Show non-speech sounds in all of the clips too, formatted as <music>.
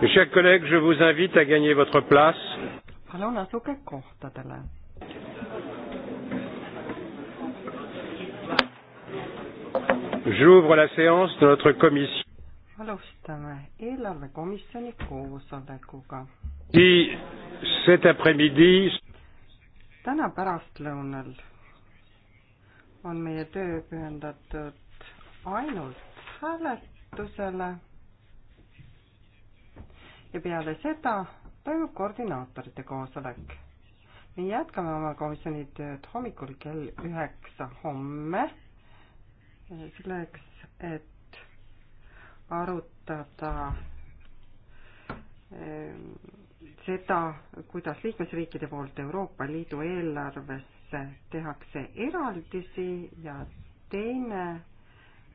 Mes chers collègues, je vous invite à gagner votre place. Palun asuge kohtadele. J'ouvre la séance de notre commission alustame eelarvekomisjoni koosolekuga. täna pärastlõunal on meie töö pühendatud ainult hääletusele ja peale seda toimub koordinaatorite koosolek. me jätkame oma komisjoni tööd hommikul kell üheksa homme selleks, et arutada ehm, seda, kuidas liikmesriikide poolt Euroopa Liidu eelarvesse tehakse eraldisi ja teine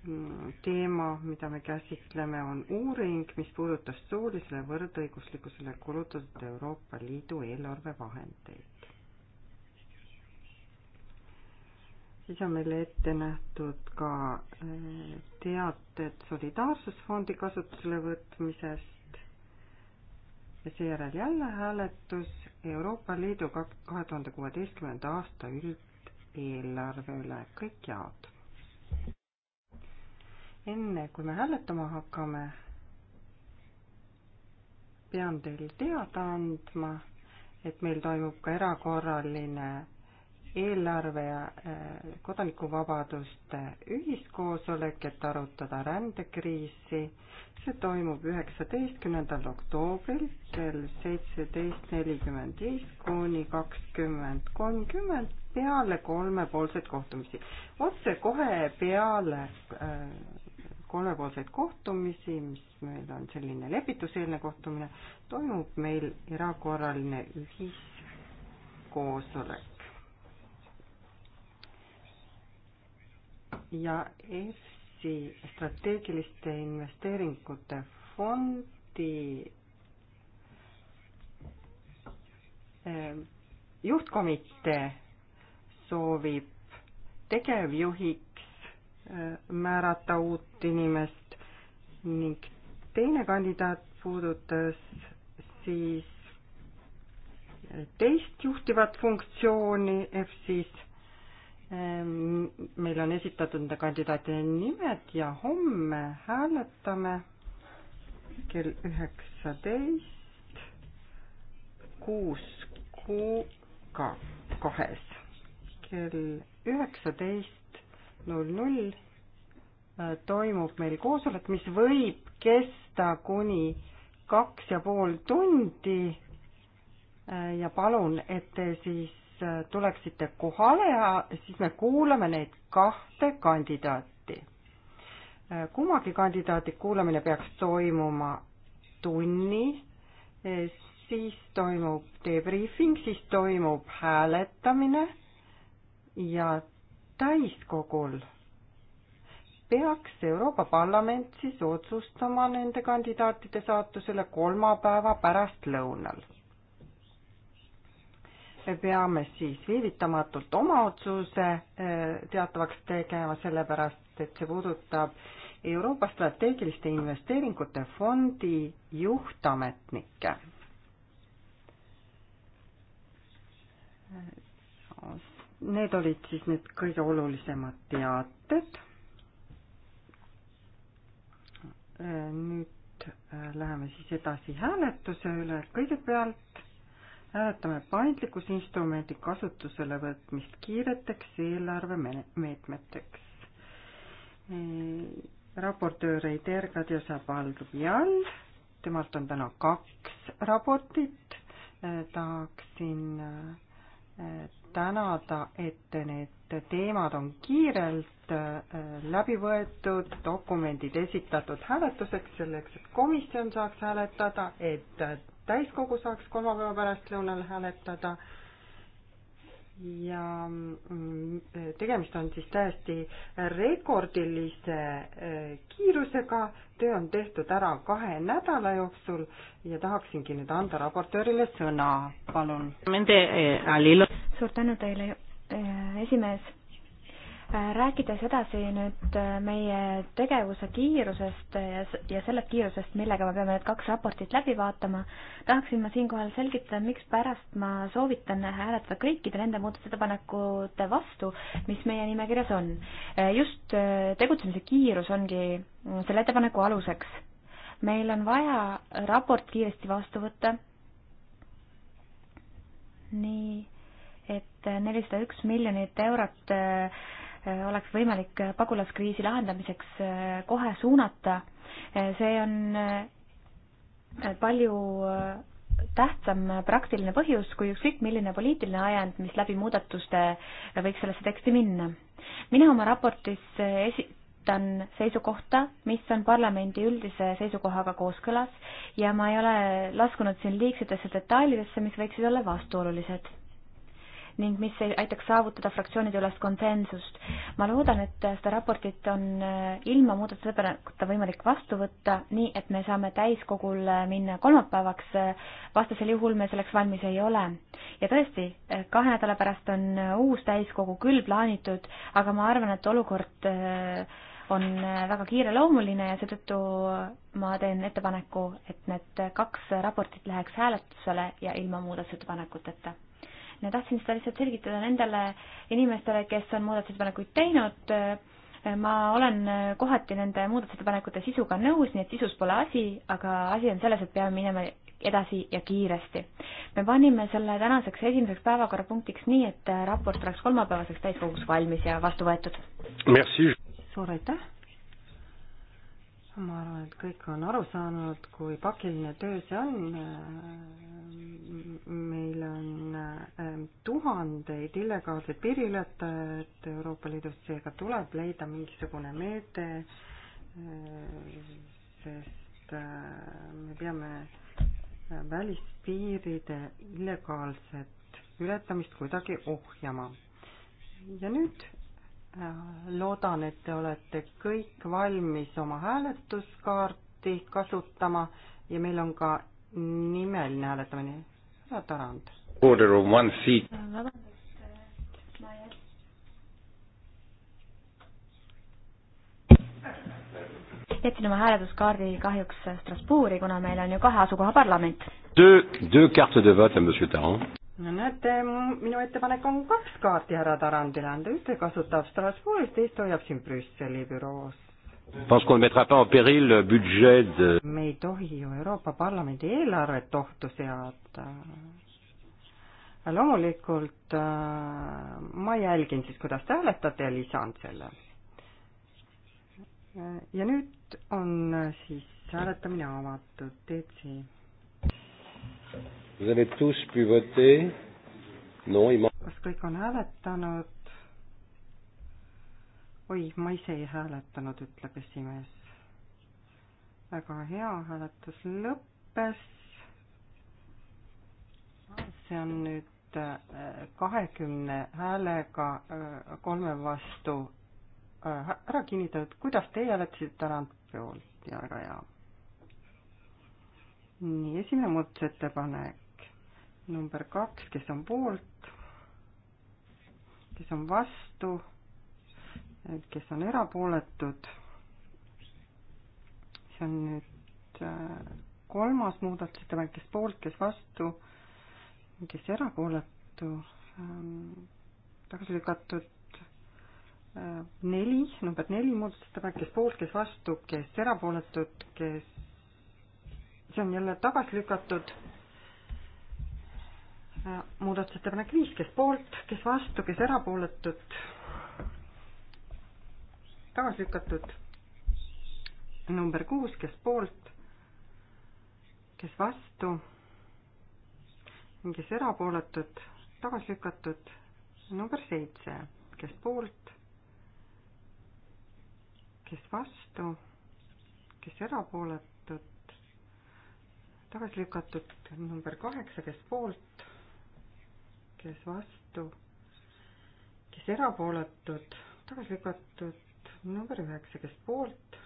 mm, teema, mida me käsitleme, on uuring, mis puudutas soolisele võrdõiguslikkusele kulutatud Euroopa Liidu eelarvevahendeid. siis on meil ette nähtud ka äh, teated Solidaarsusfondi kasutusele võtmisest ja seejärel jälle hääletus Euroopa Liidu kahe tuhande kuueteistkümnenda aasta üldeelarve üle, kõik jaod. enne kui me hääletama hakkame, pean teile teada andma, et meil toimub ka erakorraline eelarve ja äh, kodanikuvabaduste ühiskoosolek, et arutada rändekriisi. see toimub üheksateistkümnendal oktoobril kell seitseteist nelikümmend viis kuni kakskümmend kolmkümmend peale kolmepoolseid kohtumisi. otse kohe peale äh, kolmepoolseid kohtumisi, mis meil on selline lepituseelne kohtumine, toimub meil erakorraline ühiskoosolek ja EFSI strateegiliste investeeringute fondi eh, juhtkomitee soovib tegevjuhiks eh, määrata uut inimest ning teine kandidaat puudutas siis teist juhtivat funktsiooni EFSis Ehm, meil on esitatud nende kandidaatide nimed ja homme hääletame kell üheksateist kuus kuu ka kahes kell üheksateist null null äh, toimub meil koosolek, mis võib kesta kuni kaks ja pool tundi. Äh, ja palun, et te siis Äh, tuleksite kohale ja siis me kuulame neid kahte kandidaati. Äh, kummagi kandidaadi kuulamine peaks toimuma tunni, äh, siis toimub debriefing, siis toimub hääletamine ja täiskogul peaks Euroopa Parlament siis otsustama nende kandidaatide saatusele kolmapäeva pärastlõunal peame siis viivitamatult oma otsuse eh, teatavaks tegema, sellepärast et see puudutab Euroopa strateegiliste investeeringute fondi juhtametnikke. Need olid siis need kõige olulisemad teated. Eh, nüüd eh, läheme siis edasi hääletuse üle, kõigepealt hääletame paindlikkusinstrumendi kasutusele võtmist kiireteks eelarvemeetmeteks. raportöör Eider Kadjasabal Rubial, temalt on täna kaks raportit, tahaksin tänada, et need teemad on kiirelt läbi võetud, dokumendid esitatud hääletuseks, selleks et komisjon saaks hääletada, et täiskogu saaks kolmapäeva pärastlõunal hääletada ja mm, tegemist on siis täiesti rekordilise e, kiirusega, töö on tehtud ära kahe nädala jooksul ja tahaksingi nüüd anda raportöörile sõna, palun. E, suur tänu teile, e, esimees rääkides edasi nüüd äh, meie tegevuse kiirusest ja, ja sellest kiirusest, millega me peame need kaks raportit läbi vaatama, tahaksin ma siinkohal selgitada, mikspärast ma soovitan hääletada kõikide nende muudatusettepanekute vastu, mis meie nimekirjas on. Äh, just äh, tegutsemise kiirus ongi mm, selle ettepaneku aluseks. meil on vaja raport kiiresti vastu võtta. nii et nelisada üks miljonit eurot äh, Äh, oleks võimalik äh, pagulaskriisi lahendamiseks äh, kohe suunata. see on palju tähtsam praktiline põhjus kui ükskõik milline poliitiline ajend, mis läbi muudatuste võiks sellesse teksti minna. mina oma raportis esitan seisukohta, mis on parlamendi üldise seisukohaga kooskõlas ja ma ei ole laskunud siin liigsetesse detailidesse, mis võiksid olla vastuolulised ning mis aitaks saavutada fraktsioonide ülest konsensust. ma loodan, et seda raportit on äh, ilma muudatusettepanekuta võimalik vastu võtta, nii et me saame täiskogul minna kolmapäevaks, äh, vastasel juhul me selleks valmis ei ole. ja tõesti, äh, kahe nädala pärast on uus täiskogu küll plaanitud, aga ma arvan, et olukord on väga kiireloomuline ja seetõttu ma teen ettepaneku, et need kaks raportit läheks hääletusele ja ilma muudatusettepanekuteta lihtne, tahtsin seda lihtsalt selgitada nendele inimestele, kes on muudatusettepanekuid teinud. ma olen kohati nende muudatusettepanekute sisuga nõus, nii et sisus pole asi, aga asi on selles, et peame minema edasi ja kiiresti. me panime selle tänaseks esimeseks päevakorrapunktiks nii, et raport oleks kolmapäevaseks täiskogus valmis ja vastu võetud. suur aitäh! ma arvan, et kõik on aru saanud, kui pakiline töö see on meil on ähm, tuhandeid illegaalseid piiriületajaid Euroopa Liidus, seega tuleb leida mingisugune meede, äh, sest äh, me peame äh, välispiiride illegaalset ületamist kuidagi ohjama. ja nüüd loodan, et te olete kõik valmis oma hääletuskaarti kasutama ja meil on ka nimeline hääletamine härra Tarand. Order of one seat. Äh, äh, jätsin oma hääletuskaardi kahjuks Strasbourgi, kuna meil on ju kahe asukoha parlament. no näete, minu ettepanek on kaks kaarti härra Tarandile anda, ühte kasutab Strasbourgis, teist hoiab siin Brüsseli büroos me ei tohi ju Euroopa Parlamendi eelarvet ohtu seada. loomulikult äh, ma jälgin siis, kuidas te hääletate ja lisan selle. ja nüüd on siis hääletamine avatud, DC. Vous avez tous pu voter? Non, il m'a kas kõik on hääletanud? oi, ma ise ei hääletanud, ütleb esimees. väga hea, hääletus lõppes. see on nüüd äh, kahekümne häälega äh, kolme vastu äh, ära kinnitatud, kuidas teie hääletasite Tarand poolt ja väga hea. nii, esimene muudatusettepanek number kaks, kes on poolt, kes on vastu kes on erapooletud. see on nüüd äh, kolmas muudatusettepanek, kes poolt, kes vastu, kes erapooletu, ähm, tagasi lükatud äh, neli, number neli muudatusettepanek, kes poolt, kes vastu, kes erapooletud, kes, see on jälle tagasi lükatud. Äh, muudatusettepanek viis, kes poolt, kes vastu, kes erapooletud tagasi lükatud. number kuus, kes poolt, kes vastu, kes erapooletud, tagasi lükatud. number seitse, kes poolt, kes vastu, kes erapooletud, tagasi lükatud. number kaheksa, kes poolt, kes vastu, kes erapooletud, tagasi lükatud number üheksa, kes poolt,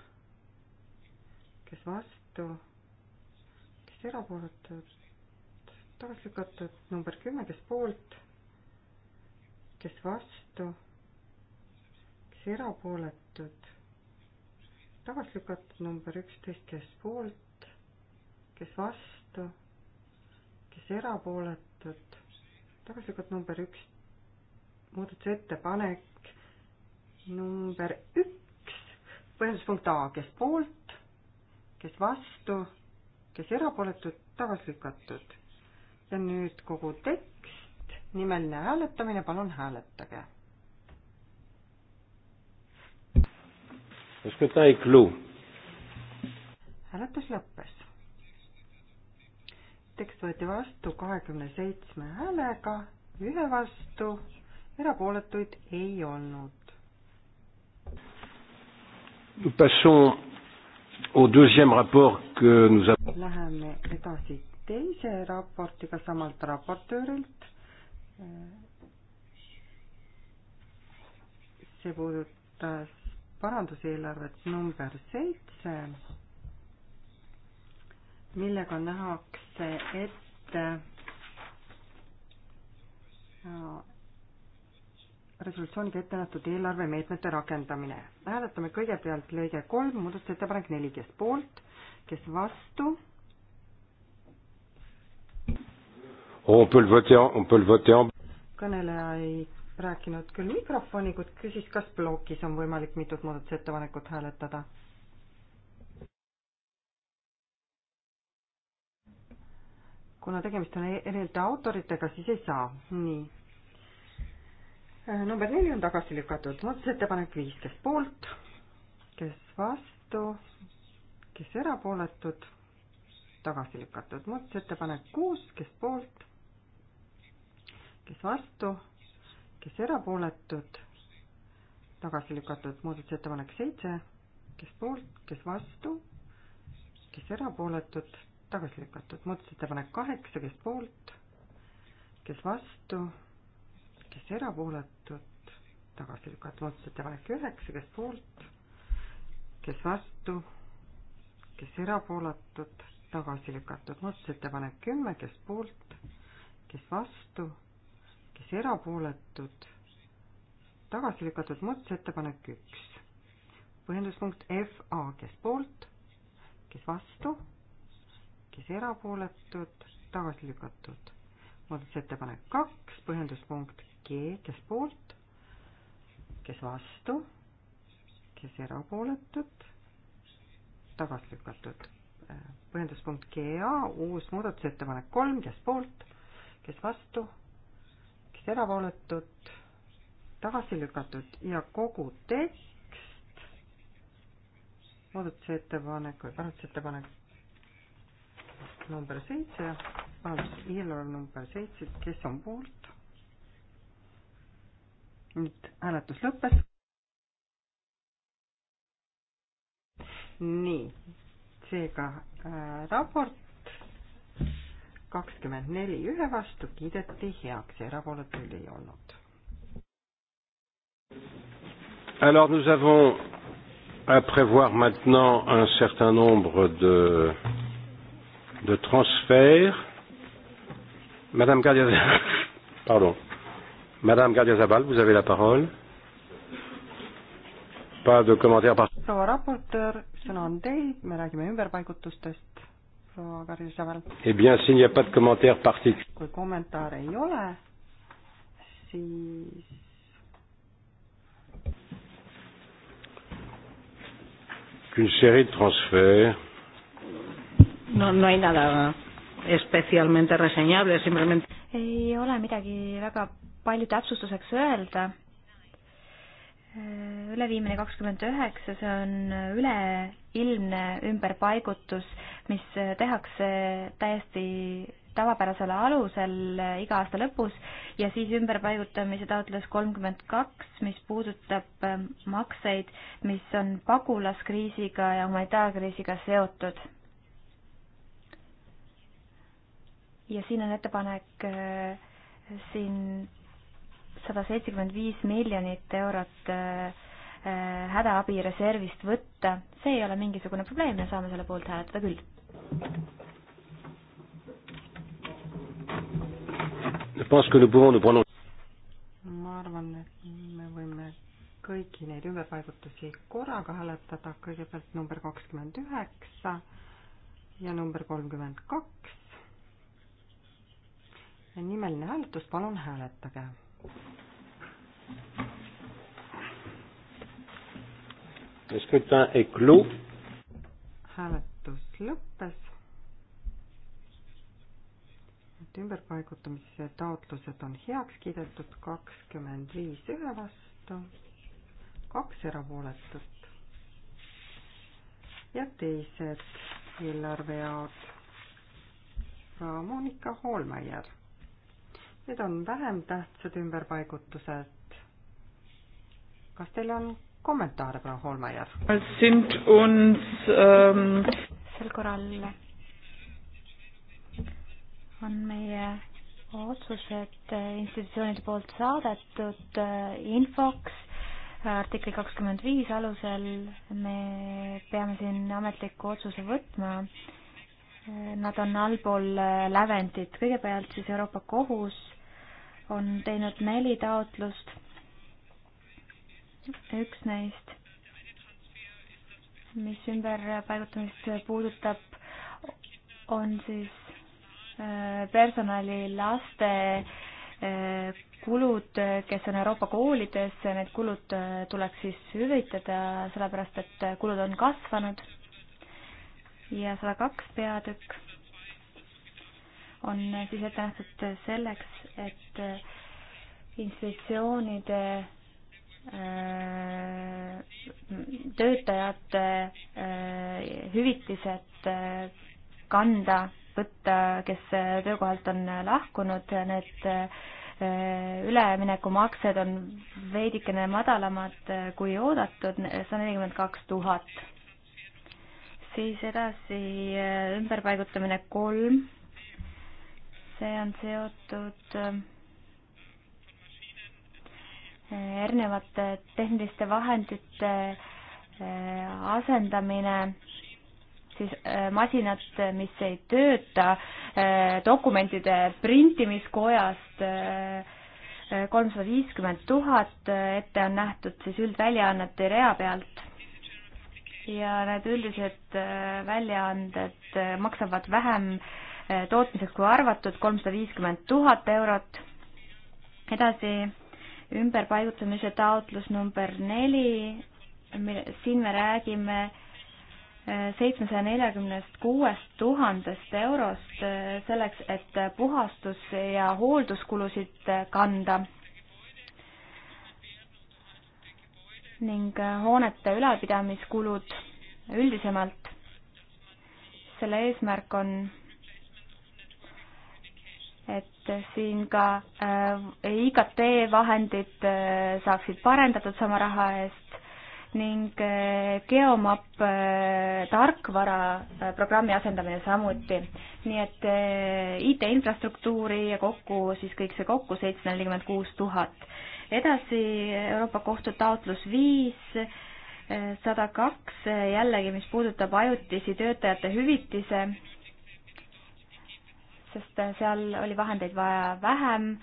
kes vastu, kes erapooletud, tagasi lükatud, number kümme, kes poolt, kes vastu, kes erapooletud, tagasi lükatud, number üksteist, kes poolt, kes vastu, kes erapooletud, tagasi lükatud number üks, muudatusettepanek number üks, põhjenduspunkt A, kes poolt, kes vastu, kes erapooletud, tagasi lükatud. ja nüüd kogu tekst, nimeline hääletamine, palun hääletage. hääletus lõppes. tekst võeti vastu kahekümne seitsme häälega, ühe vastu, erapooletuid ei olnud. Nous passons au deuxième rapport que nous avons. Läheme edasi teise raportiga samalt raportöörilt. see puudutas paranduseelarvet number seitse, millega nähakse ette resolutsiooniga ette nähtud eelarvemeetmete rakendamine. hääletame kõigepealt lõige kolm, muudatusettepanek neli, kes poolt, kes vastu. kõneleja ei rääkinud küll mikrofoni, kuid küsis, kas plokis on võimalik mitut muudatusettepanekut hääletada. kuna tegemist on e-, erinevate autoritega, siis ei saa, nii Äh, number neli on tagasi lükatud, muudatusettepanek viis, kes poolt, kes vastu, kes erapooletud, tagasi lükatud, muudatusettepanek kuus, kes poolt, kes vastu, kes erapooletud, tagasi lükatud, muudatusettepanek seitse, kes poolt, kes vastu, kes erapooletud, tagasi lükatud, muudatusettepanek kaheksa, kes poolt, kes vastu kes erapooletud, tagasi lükata muudatusettepanek üheksa, kes poolt, kes vastu, kes erapooletud, tagasi lükatud muudatusettepanek kümme, kes poolt, kes vastu, kes erapooletud, tagasi lükatud muudatusettepanek üks. põhjenduspunkt FA, kes poolt, kes vastu, kes erapooletud, tagasi lükatud muudatusettepanek kaks, põhjenduspunkt G, kes poolt, kes vastu, kes erapooletud, tagasi lükatud. põhjenduspunkt GA, uus muudatusettepanek kolm, kes poolt, kes vastu, kes erapooletud, tagasi lükatud ja kogu tekst, muudatusettepanek või parandusettepanek number seitse, vabandust, eelarve number seitse, kes on poolt, nüüd hääletus lõppes. nii, seega äh, raport kakskümmend neli ühe vastu kiideti heaks, erapooletuid ei olnud. Alors nous avons à prévoir maintenant un certain nombre de, de transferts. Madame Gardia, <laughs> pardon. Madame Gardiazabal, vous avez la parole. Pas de commentaire par... proua raportöör, sõna on teil, me räägime ümberpaigutustest, proua Gardiazabal. Eh bien, s'il n'y a pas de commentaire partic-. kui kommentaare ei ole, siis qu'une série de transferts. No, no hay nada especialmente reseñable, simplemente. ei ole midagi väga palju täpsustuseks öelda. üleviimine kakskümmend üheksa, see on üleilmne ümberpaigutus, mis tehakse täiesti tavapärasel alusel iga aasta lõpus ja siis ümberpaigutamise taotles kolmkümmend kaks, mis puudutab ähm, makseid, mis on pagulaskriisiga ja humanitaarkriisiga seotud ja siin on ettepanek äh, siin sada seitsekümmend viis miljonit eurot äh, äh, hädaabireservist võtta, see ei ole mingisugune probleem ja saame selle poolt hääletada küll. ma arvan, et me võime kõiki neid ümberpaigutusi korraga hääletada, kõigepealt number kakskümmend üheksa ja number kolmkümmend kaks. nimeline hääletus, palun hääletage hääletus lõppes. et ümberpaigutamise taotlused on heaks kiidetud, kakskümmend viis ühe vastu, kaks erapooletut ja teised eelarvejaod. Monika Hoolmeier Need on vähem tähtsad ümberpaigutused. kas teil on kommentaare, proua Holmajärv? Ähm, sel korral on meie otsused institutsioonide poolt saadetud äh, infoks artikli kakskümmend viis alusel me peame siin ametliku otsuse võtma. Äh, nad on allpool äh, lävendit, kõigepealt siis Euroopa Kohus on teinud neli taotlust. üks neist, mis ümberpaigutamist puudutab, on siis äh, personali laste äh, kulud, kes on Euroopa koolides, need kulud äh, tuleks siis hüvitada, sellepärast et kulud on kasvanud ja sada kaks peatükk on siis ette nähtud selleks, et äh, institutsioonide äh, töötajate äh, hüvitised kanda võtta, kes töökohalt on lahkunud, need üleminekumaksed on veidikene madalamad kui oodatud, sada nelikümmend kaks tuhat. siis edasi ümberpaigutamine kolm see on seotud äh, erinevate tehniliste vahendite äh, asendamine, siis äh, masinad, mis ei tööta, dokumentide printimiskojast kolmsada viiskümmend tuhat ette on nähtud siis üldväljaannete rea pealt ja need üldised väljaanded maksavad vähem Eh, tootmiseks kui arvatud, kolmsada viiskümmend tuhat eurot. edasi ümberpaigutamise taotlus number neli, siin me räägime eh, seitsmesaja neljakümnest kuuest tuhandest eurost eh, selleks, et puhastus- ja hoolduskulusid kanda ning hoonete ülalpidamiskulud üldisemalt. selle eesmärk on siin ka äh, IKT vahendid äh, saaksid parendatud sama raha eest ning äh, Geomap tarkvara programmi asendamine samuti. nii et IT-infrastruktuuri ja kokku siis kõik see kokku seitsesada nelikümmend kuus tuhat. edasi Euroopa Kohtu taotlus viis sada kaks jällegi, mis puudutab ajutisi töötajate hüvitise sest seal oli vahendeid vaja vähem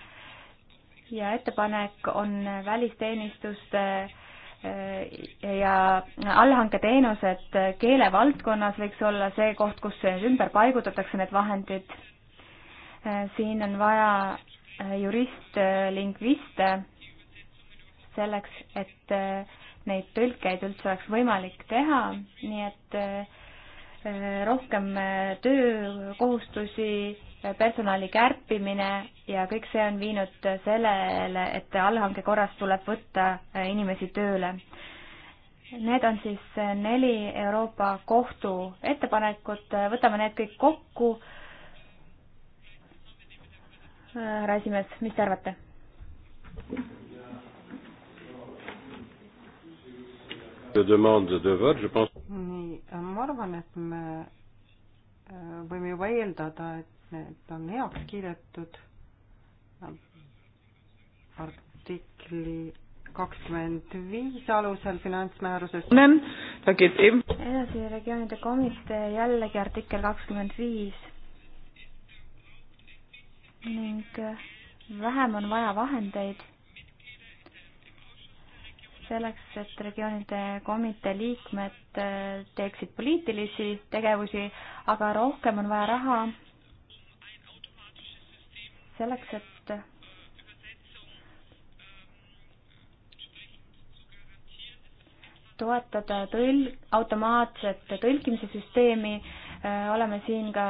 ja ettepanek on välisteenistuste eh, ja allhanketeenused keelevaldkonnas võiks olla see koht, kus ümber paigutatakse need vahendid. Eh, siin on vaja eh, jurist-lingviste selleks, et neid tõlkeid üldse oleks võimalik teha, nii et äh, rohkem eh, töökohustusi, personali kärpimine ja kõik see on viinud sellele, et allhanke korras tuleb võtta eh, inimesi tööle. Need on siis neli Euroopa Kohtu ettepanekut, võtame need kõik kokku. härra esimees, mis te arvate? de demande de vote, je pense. nii, ma arvan, et me äh, võime juba eeldada, et need on heaks kiidetud artikli kakskümmend viis alusel finantsmääruses. edasi regioonide komitee jällegi artikkel kakskümmend viis ning äh, vähem on vaja vahendeid selleks, et regioonide komitee liikmed äh, teeksid poliitilisi tegevusi, aga rohkem on vaja raha selleks, et toetada tõl-, automaatset tõlkimise süsteemi, äh, oleme siin ka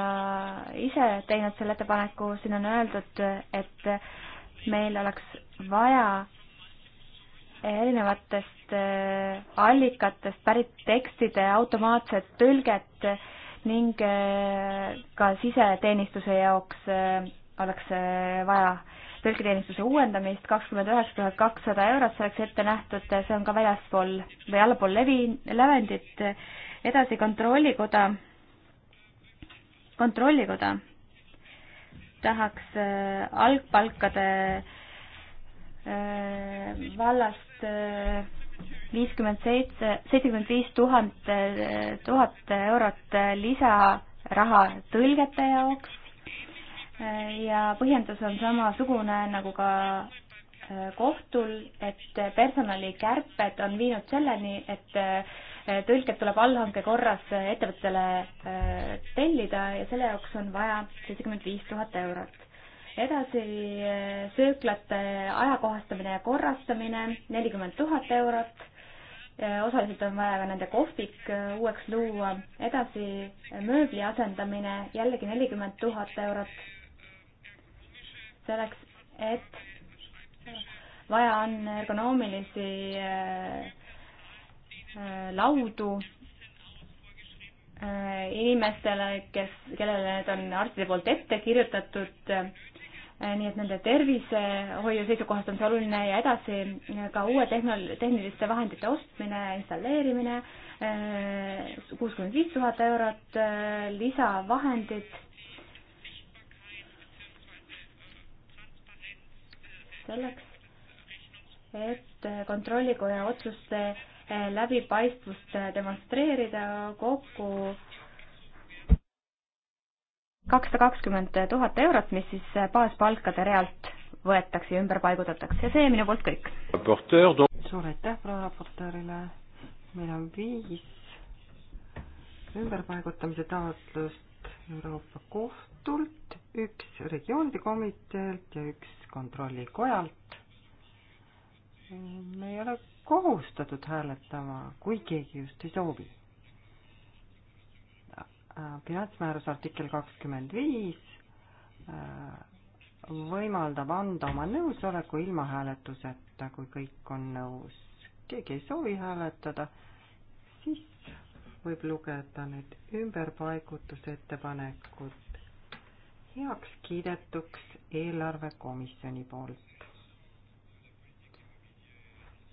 ise teinud selle ettepaneku, siin on öeldud, et meil oleks vaja erinevatest äh, allikatest pärit tekstide automaatset tõlget ning äh, ka siseteenistuse jaoks äh, oleks vaja tõlketeenistuse uuendamist, kakskümmend üheksa tuhat kakssada eurot selleks ette nähtud, see on ka väljaspool või allapool levi, lävendit. edasi Kontrollikoda, Kontrollikoda tahaks algpalkade vallas viiskümmend seitse, seitsekümmend viis tuhat, tuhat eurot lisaraha tõlgete jaoks ja põhjendus on samasugune nagu ka äh, kohtul, et personalikärped on viinud selleni, et äh, tõlked tuleb allhanke korras ettevõttele äh, tellida ja selle jaoks on vaja seitsekümmend viis tuhat eurot edasi eh, sööklate ajakohastamine ja korrastamine, nelikümmend tuhat eurot. Eh, osaliselt on vaja ka nende kohvik eh, uueks luua. edasi mööbli asendamine, jällegi nelikümmend tuhat eurot. selleks, et vaja on ergonoomilisi laudu inimestele, kes, kellele need on arstide poolt ette kirjutatud Äh, nii et nende tervisehoiu seisukohast on see oluline ja edasi äh, ka uue tehnol-, tehniliste vahendite ostmine, installeerimine, äh, kuuskümmend viis tuhat eurot, lisavahendid. selleks, et kontrollikoja otsuste läbipaistvust demonstreerida kokku kakssada kakskümmend tuhat eurot, mis siis baaspalkade realt võetakse ja ümber paigutatakse ja see minu poolt kõik. suur aitäh proua raportöörile, meil on viis ümberpaigutamise taotlust Euroopa Kohtult, üks regioonide komiteelt ja üks kontrollikojalt. me ei ole kohustatud hääletama, kui keegi just ei soovi finantsmääruse artikkel kakskümmend viis äh, võimaldab anda oma nõusoleku ilma hääletuseta, kui kõik on nõus. keegi ei soovi hääletada, siis võib lugeda need ümberpaigutusettepanekud heaks kiidetuks eelarvekomisjoni poolt.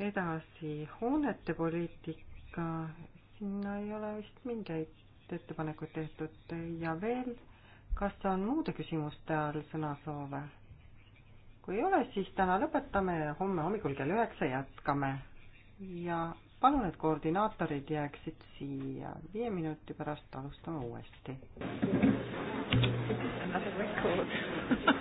edasi hoonetepoliitika, sinna ei ole vist mingeid ettepanekuid tehtud ja veel, kas on muude küsimuste all sõnasoove? kui ei ole, siis täna lõpetame ja homme hommikul kell üheksa jätkame. ja palun, et koordinaatorid jääksid siia, viie minuti pärast alustame uuesti. Another record <laughs>